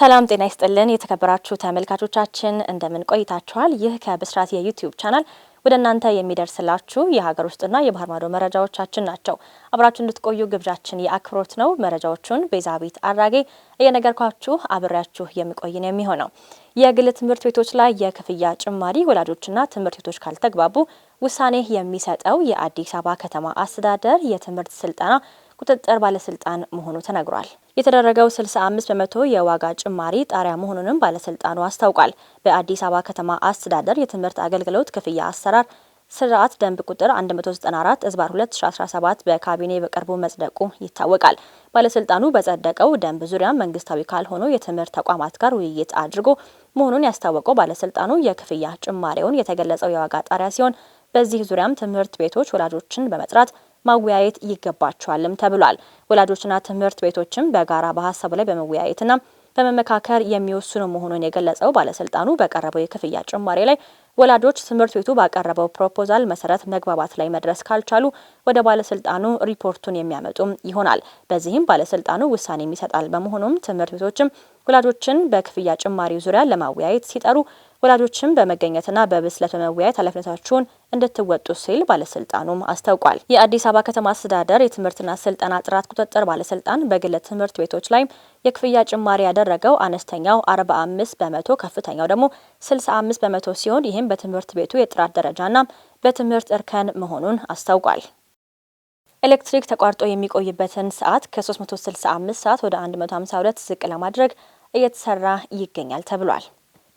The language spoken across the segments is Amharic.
ሰላም ጤና ይስጥልን የተከበራችሁ ተመልካቾቻችን እንደምን ቆይታችኋል? ይህ ከብስራት የዩቲዩብ ቻናል ወደ እናንተ የሚደርስላችሁ የሀገር ውስጥና የባህር ማዶ መረጃዎቻችን ናቸው። አብራችሁ እንድትቆዩ ግብዣችን የአክብሮት ነው። መረጃዎቹን ቤዛቤት አራጌ እየነገርኳችሁ አብሬያችሁ የሚቆይ የሚሆነው። የግል ትምህርት ቤቶች ላይ የክፍያ ጭማሪ ወላጆችና ትምህርት ቤቶች ካልተግባቡ ውሳኔ የሚሰጠው የአዲስ አበባ ከተማ አስተዳደር የትምህርት ስልጠና ቁጥጥር ባለስልጣን መሆኑ ተነግሯል። የተደረገው 65 በመቶ የዋጋ ጭማሪ ጣሪያ መሆኑንም ባለስልጣኑ አስታውቋል። በአዲስ አበባ ከተማ አስተዳደር የትምህርት አገልግሎት ክፍያ አሰራር ስርዓት ደንብ ቁጥር 194 እዝባር 2017 በካቢኔ በቅርቡ መጽደቁ ይታወቃል። ባለስልጣኑ በጸደቀው ደንብ ዙሪያ መንግስታዊ ካልሆኑ የትምህርት ተቋማት ጋር ውይይት አድርጎ መሆኑን ያስታወቀው ባለስልጣኑ የክፍያ ጭማሪውን የተገለጸው የዋጋ ጣሪያ ሲሆን በዚህ ዙሪያም ትምህርት ቤቶች ወላጆችን በመጥራት ማወያየት ይገባቸዋልም ተብሏል። ወላጆችና ትምህርት ቤቶችም በጋራ በሀሳቡ ላይ በመወያየትና በመመካከር የሚወስኑ መሆኑን የገለጸው ባለስልጣኑ በቀረበው የክፍያ ጭማሬ ላይ ወላጆች ትምህርት ቤቱ ባቀረበው ፕሮፖዛል መሰረት መግባባት ላይ መድረስ ካልቻሉ ወደ ባለስልጣኑ ሪፖርቱን የሚያመጡም ይሆናል። በዚህም ባለስልጣኑ ውሳኔ ይሰጣል። በመሆኑም ትምህርት ቤቶችም ወላጆችን በክፍያ ጭማሪ ዙሪያ ለማወያየት ሲጠሩ ወላጆችን በመገኘትና በብስለት በመወያየት ኃላፊነታችሁን እንድትወጡ ሲል ባለስልጣኑም አስታውቋል። የአዲስ አበባ ከተማ አስተዳደር የትምህርትና ስልጠና ጥራት ቁጥጥር ባለስልጣን በግል ትምህርት ቤቶች ላይ የክፍያ ጭማሪ ያደረገው አነስተኛው 45 በመቶ ከፍተኛው ደግሞ 65 በመቶ ሲሆን ይህም በትምህርት ቤቱ የጥራት ደረጃና በትምህርት እርከን መሆኑን አስታውቋል። ኤሌክትሪክ ተቋርጦ የሚቆይበትን ሰዓት ከ365 ሰዓት ወደ 152 ዝቅ ለማድረግ እየተሰራ ይገኛል ተብሏል።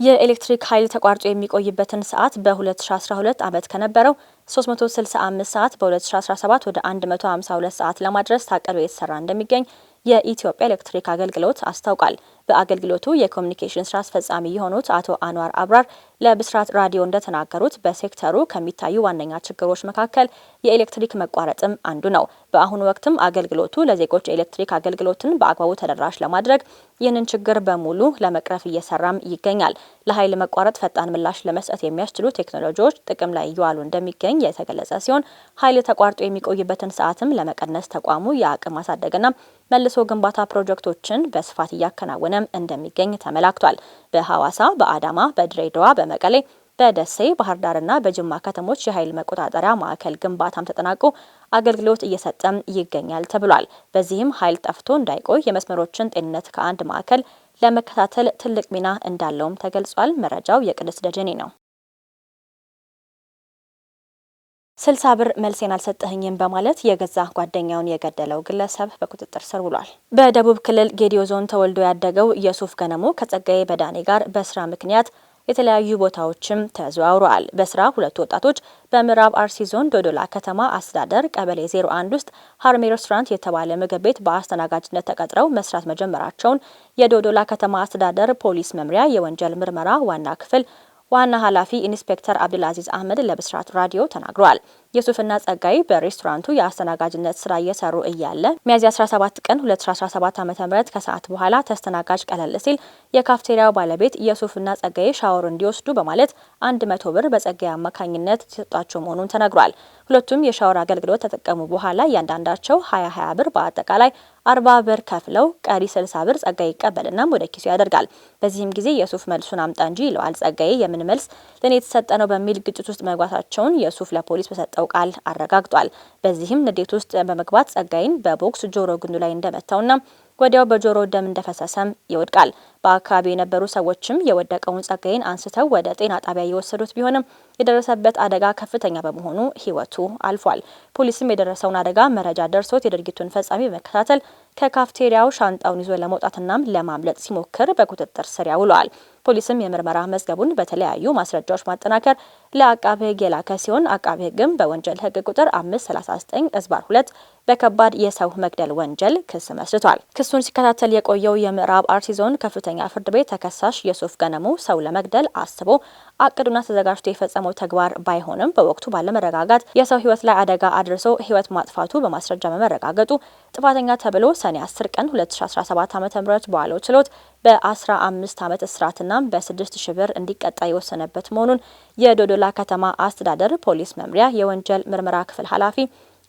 የኤሌክትሪክ ኃይል ተቋርጦ የሚቆይበትን ሰዓት በ2012 ዓመት ከነበረው 365 ሰዓት በ2017 ወደ 152 ሰዓት ለማድረስ ታቅዶ የተሰራ እንደሚገኝ የኢትዮጵያ ኤሌክትሪክ አገልግሎት አስታውቋል። በአገልግሎቱ የኮሚኒኬሽን ስራ አስፈጻሚ የሆኑት አቶ አንዋር አብራር ለብስራት ራዲዮ እንደተናገሩት በሴክተሩ ከሚታዩ ዋነኛ ችግሮች መካከል የኤሌክትሪክ መቋረጥም አንዱ ነው። በአሁኑ ወቅትም አገልግሎቱ ለዜጎች የኤሌክትሪክ አገልግሎትን በአግባቡ ተደራሽ ለማድረግ ይህንን ችግር በሙሉ ለመቅረፍ እየሰራም ይገኛል። ለኃይል መቋረጥ ፈጣን ምላሽ ለመስጠት የሚያስችሉ ቴክኖሎጂዎች ጥቅም ላይ እየዋሉ እንደሚገኝ የተገለጸ ሲሆን ኃይል ተቋርጦ የሚቆይበትን ሰዓትም ለመቀነስ ተቋሙ የአቅም ማሳደግና መልሶ ግንባታ ፕሮጀክቶችን በስፋት እያከናወነ እየተፈጸመም እንደሚገኝ ተመላክቷል። በሐዋሳ፣ በአዳማ፣ በድሬዳዋ፣ በመቀሌ በደሴ ባህር ዳርና በጅማ ከተሞች የኃይል መቆጣጠሪያ ማዕከል ግንባታም ተጠናቆ አገልግሎት እየሰጠም ይገኛል ተብሏል። በዚህም ኃይል ጠፍቶ እንዳይቆይ የመስመሮችን ጤንነት ከአንድ ማዕከል ለመከታተል ትልቅ ሚና እንዳለውም ተገልጿል። መረጃው የቅድስት ደጀኔ ነው። ስልሳ ብር መልሴን አልሰጠህኝም በማለት የገዛ ጓደኛውን የገደለው ግለሰብ በቁጥጥር ስር ውሏል። በደቡብ ክልል ጌዲዮ ዞን ተወልዶ ያደገው የሱፍ ገነሞ ከጸጋዬ በዳኔ ጋር በስራ ምክንያት የተለያዩ ቦታዎችም ተዘዋውረዋል። በስራ ሁለቱ ወጣቶች በምዕራብ አርሲ ዞን ዶዶላ ከተማ አስተዳደር ቀበሌ 01 ውስጥ ሀርሜ ሬስቶራንት የተባለ ምግብ ቤት በአስተናጋጅነት ተቀጥረው መስራት መጀመራቸውን የዶዶላ ከተማ አስተዳደር ፖሊስ መምሪያ የወንጀል ምርመራ ዋና ክፍል ዋና ኃላፊ ኢንስፔክተር አብዱልአዚዝ አህመድ ለብስራት ራዲዮ ተናግረዋል። የሱፍና ጸጋይ በሬስቶራንቱ የአስተናጋጅነት ስራ እየሰሩ እያለ ሚያዝያ 17 ቀን 2017 ዓ ም ከሰዓት በኋላ ተስተናጋጅ ቀለል ሲል የካፍቴሪያው ባለቤት የሱፍና ጸጋይ ሻወር እንዲወስዱ በማለት 100 ብር በጸጋይ አማካኝነት የተሰጧቸው መሆኑን ተነግሯል። ሁለቱም የሻወር አገልግሎት ተጠቀሙ በኋላ እያንዳንዳቸው 2020 ብር በአጠቃላይ 40 ብር ከፍለው ቀሪ 60 ብር ጸጋይ ይቀበልና ወደ ኪሱ ያደርጋል። በዚህም ጊዜ የሱፍ መልሱን አምጣ እንጂ ይለዋል። ጸጋዬ የምን መልስ ለእኔ የተሰጠ ነው በሚል ግጭት ውስጥ መግባታቸውን የሱፍ ለፖሊስ በሰጠው በሰጠው ቃል አረጋግጧል። በዚህም ንዴት ውስጥ በመግባት ጸጋይን በቦክስ ጆሮ ግንዱ ላይ እንደመታውና ወዲያው በጆሮ ደም እንደፈሰሰም ይወድቃል። በአካባቢ የነበሩ ሰዎችም የወደቀውን ጸጋይን አንስተው ወደ ጤና ጣቢያ የወሰዱት ቢሆንም የደረሰበት አደጋ ከፍተኛ በመሆኑ ሕይወቱ አልፏል። ፖሊስም የደረሰውን አደጋ መረጃ ደርሶት የድርጊቱን ፈጻሚ በመከታተል ከካፍቴሪያው ሻንጣውን ይዞ ለመውጣትናም ለማምለጥ ሲሞክር በቁጥጥር ስር ያውለዋል። ፖሊስም የምርመራ መዝገቡን በተለያዩ ማስረጃዎች ማጠናከር ለአቃቤ ጌላከ የላከ ሲሆን አቃቤ ግን በወንጀል ህግ ቁጥር 539 እዝባር 2 በከባድ የሰው መግደል ወንጀል ክስ መስርቷል። ክሱን ሲከታተል የቆየው የምዕራብ አርሲ ዞን ከፍተኛ ፍርድ ቤት ተከሳሽ የሱፍ ገነሙ ሰው ለመግደል አስቦ አቅዱና ተዘጋጅቶ የፈጸመው ተግባር ባይሆንም በወቅቱ ባለመረጋጋት የሰው ህይወት ላይ አደጋ አድርሶ ህይወት ማጥፋቱ በማስረጃ በመረጋገጡ ጥፋተኛ ተብሎ ሰኔ 10 ቀን 2017 ዓ ም በዋለው ችሎት በ15 ዓመት እስራትና በ ሺ ብር እንዲቀጣ የወሰነበት መሆኑን የዶዶላ የዲላ ከተማ አስተዳደር ፖሊስ መምሪያ የወንጀል ምርመራ ክፍል ኃላፊ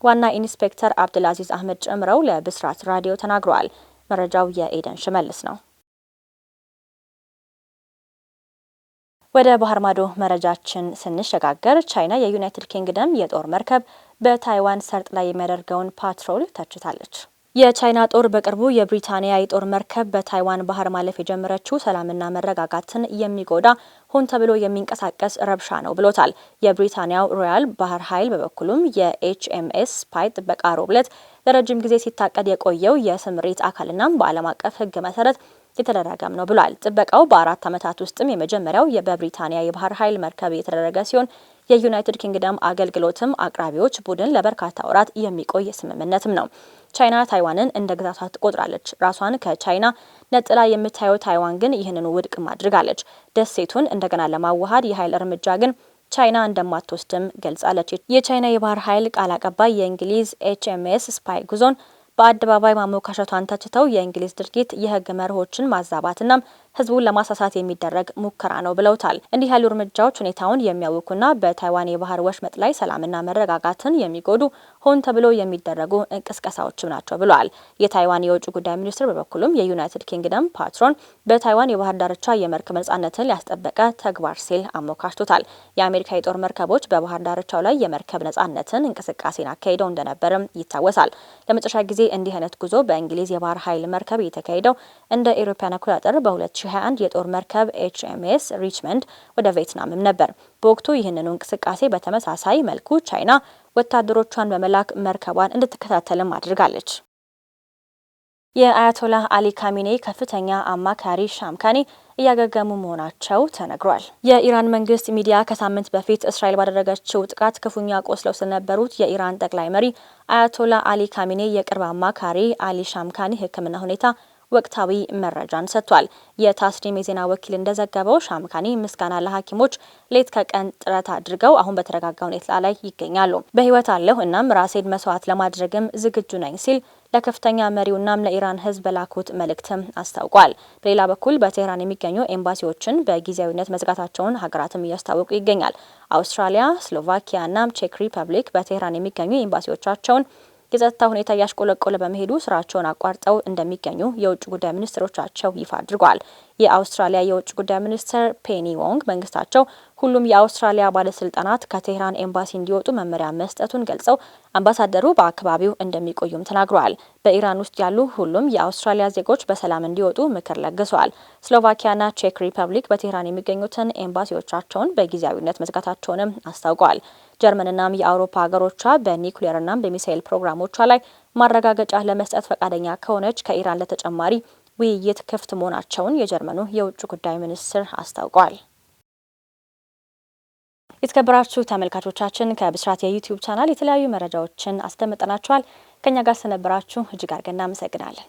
ዋና ኢንስፔክተር አብድልአዚዝ አህመድ ጨምረው ለብስራት ራዲዮ ተናግረዋል። መረጃው የኤደን ሽመልስ ነው። ወደ ባህር ማዶ መረጃችን ስንሸጋገር ቻይና የዩናይትድ ኪንግደም የጦር መርከብ በታይዋን ሰርጥ ላይ የሚያደርገውን ፓትሮል ተችታለች። የቻይና ጦር በቅርቡ የብሪታንያ የጦር መርከብ በታይዋን ባህር ማለፍ የጀመረችው ሰላምና መረጋጋትን የሚጎዳ ሆን ተብሎ የሚንቀሳቀስ ረብሻ ነው ብሎታል። የብሪታንያው ሮያል ባህር ኃይል በበኩሉም የኤችኤምኤስ ስፓይ ጥበቃ ሮብለት ለረጅም ጊዜ ሲታቀድ የቆየው የስምሪት አካልናም በዓለም አቀፍ ሕግ መሰረት የተደረገም ነው ብሏል። ጥበቃው በአራት ዓመታት ውስጥም የመጀመሪያው በብሪታንያ የባህር ኃይል መርከብ የተደረገ ሲሆን የዩናይትድ ኪንግደም አገልግሎትም አቅራቢዎች ቡድን ለበርካታ ወራት የሚቆይ ስምምነትም ነው። ቻይና ታይዋንን እንደ ግዛቷ ትቆጥራለች። ራሷን ከቻይና ነጥላ የምታየው ታይዋን ግን ይህንን ውድቅ ማድርጋለች። ደሴቱን እንደገና ለማዋሃድ የኃይል እርምጃ ግን ቻይና እንደማትወስድም ገልጻለች። የቻይና የባህር ኃይል ቃል አቀባይ የእንግሊዝ ኤችኤምኤስ ስፓይ ጉዞን በአደባባይ ማሞካሸቷን ተችተው የእንግሊዝ ድርጊት የህግ መርሆችን ማዛባትና ህዝቡን ለማሳሳት የሚደረግ ሙከራ ነው ብለውታል። እንዲህ ያሉ እርምጃዎች ሁኔታውን የሚያውኩና በታይዋን የባህር ወሽመጥ ላይ ሰላምና መረጋጋትን የሚጎዱ ሆን ተብሎ የሚደረጉ እንቅስቀሳዎችም ናቸው ብለዋል። የታይዋን የውጭ ጉዳይ ሚኒስትር በበኩሉም የዩናይትድ ኪንግደም ፓትሮን በታይዋን የባህር ዳርቻ የመርከብ ነጻነትን ሊያስጠበቀ ተግባር ሲል አሞካሽቶታል። የአሜሪካ የጦር መርከቦች በባህር ዳርቻው ላይ የመርከብ ነጻነትን እንቅስቃሴን አካሂደው እንደነበርም ይታወሳል። ለመጨረሻ ጊዜ እንዲህ አይነት ጉዞ በእንግሊዝ የባህር ኃይል መርከብ የተካሄደው እንደ አውሮፓውያን አቆጣጠር በሁለት 2021 የጦር መርከብ ኤችኤምኤስ ሪችመንድ ወደ ቬትናምም ነበር። በወቅቱ ይህንኑ እንቅስቃሴ በተመሳሳይ መልኩ ቻይና ወታደሮቿን በመላክ መርከቧን እንድትከታተልም አድርጋለች። የአያቶላህ አሊ ካሚኔ ከፍተኛ አማካሪ ሻምካኒ እያገገሙ መሆናቸው ተነግሯል። የኢራን መንግስት ሚዲያ ከሳምንት በፊት እስራኤል ባደረገችው ጥቃት ክፉኛ ቆስለው ስለነበሩት የኢራን ጠቅላይ መሪ አያቶላ አሊ ካሚኔ የቅርብ አማካሪ አሊ ሻምካኒ ሕክምና ሁኔታ ወቅታዊ መረጃን ሰጥቷል። የታስኒም የዜና ወኪል እንደዘገበው ሻምካኒ ምስጋና ለሐኪሞች ሌት ከቀን ጥረት አድርገው አሁን በተረጋጋ ሁኔታ ላይ ይገኛሉ። በህይወት አለሁ እናም ራሴን መስዋዕት ለማድረግም ዝግጁ ነኝ ሲል ለከፍተኛ መሪው እናም ለኢራን ህዝብ በላኩት መልእክትም አስታውቋል። በሌላ በኩል በቴህራን የሚገኙ ኤምባሲዎችን በጊዜያዊነት መዝጋታቸውን ሀገራትም እያስታወቁ ይገኛል። አውስትራሊያ፣ ስሎቫኪያ እና ቼክ ሪፐብሊክ በቴህራን የሚገኙ ኤምባሲዎቻቸውን የጸጥታ ሁኔታ እያሽቆለቆለ በመሄዱ ስራቸውን አቋርጠው እንደሚገኙ የውጭ ጉዳይ ሚኒስትሮቻቸው ይፋ አድርጓል። የአውስትራሊያ የውጭ ጉዳይ ሚኒስትር ፔኒ ዎንግ መንግስታቸው ሁሉም የአውስትራሊያ ባለስልጣናት ከቴህራን ኤምባሲ እንዲወጡ መመሪያ መስጠቱን ገልጸው አምባሳደሩ በአካባቢው እንደሚቆዩም ተናግረዋል። በኢራን ውስጥ ያሉ ሁሉም የአውስትራሊያ ዜጎች በሰላም እንዲወጡ ምክር ለግሰዋል። ስሎቫኪያና ቼክ ሪፐብሊክ በቴህራን የሚገኙትን ኤምባሲዎቻቸውን በጊዜያዊነት መዝጋታቸውንም አስታውቀዋል። ጀርመንናም የአውሮፓ ሀገሮቿ በኒኩሌርና በሚሳኤል ፕሮግራሞቿ ላይ ማረጋገጫ ለመስጠት ፈቃደኛ ከሆነች ከኢራን ለተጨማሪ ውይይት ክፍት መሆናቸውን የጀርመኑ የውጭ ጉዳይ ሚኒስትር አስታውቋል። የተከበራችሁ ተመልካቾቻችን ከብስራት የዩቲዩብ ቻናል የተለያዩ መረጃዎችን አስደምጠናችኋል። ከኛ ጋር ስለነበራችሁ እጅግ አድርገን እናመሰግናለን።